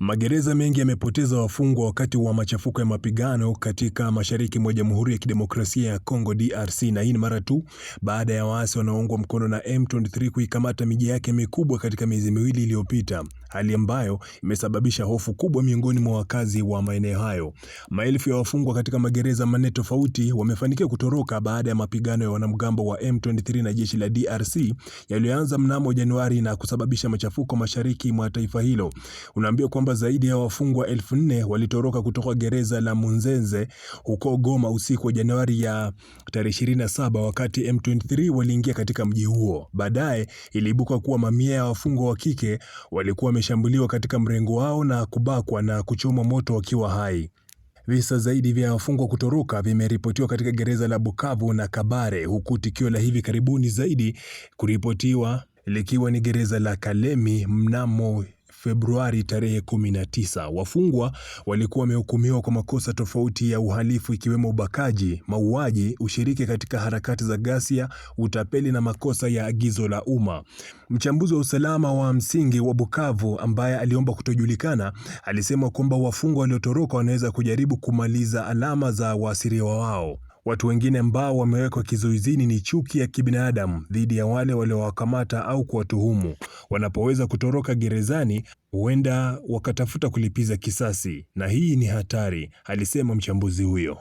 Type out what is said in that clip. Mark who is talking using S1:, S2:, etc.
S1: Magereza mengi yamepoteza wafungwa wakati wa machafuko ya mapigano katika mashariki mwa Jamhuri ya Kidemokrasia ya Kongo DRC, na hii ni mara tu baada ya waasi wanaoungwa mkono na M23 kuikamata miji yake mikubwa katika miezi miwili iliyopita hali ambayo imesababisha hofu kubwa miongoni mwa wakazi wa maeneo hayo. Maelfu ya wafungwa katika magereza manne tofauti wamefanikiwa kutoroka baada ya mapigano ya wanamgambo wa M23 na jeshi la DRC yaliyoanza mnamo Januari na kusababisha machafuko mashariki mwa taifa hilo. Unaambiwa kwamba zaidi ya wafungwa elfu nne walitoroka kutoka gereza la Munzenze huko Goma usiku wa Januari ya tarehe 27 wakati M23 waliingia katika mji huo. Baadaye iliibuka kuwa mamia ya wafungwa wa kike walikuwa wameshambuliwa katika mrengo wao na kubakwa na kuchomwa moto wakiwa hai. Visa zaidi vya wafungwa kutoroka vimeripotiwa katika gereza la Bukavu na Kabare, huku tukio la hivi karibuni zaidi kuripotiwa likiwa ni gereza la Kalemi mnamo Februari tarehe 19. Wafungwa walikuwa wamehukumiwa kwa makosa tofauti ya uhalifu ikiwemo ubakaji, mauaji, ushiriki katika harakati za ghasia, utapeli na makosa ya agizo la umma. Mchambuzi wa usalama wa msingi wa Bukavu ambaye aliomba kutojulikana alisema kwamba wafungwa waliotoroka wanaweza kujaribu kumaliza alama za waasiriwa wao. Watu wengine ambao wamewekwa kizuizini ni chuki ya kibinadamu dhidi ya wale waliowakamata au kuwatuhumu wanapoweza kutoroka gerezani huenda wakatafuta kulipiza kisasi, na hii ni hatari, alisema mchambuzi huyo.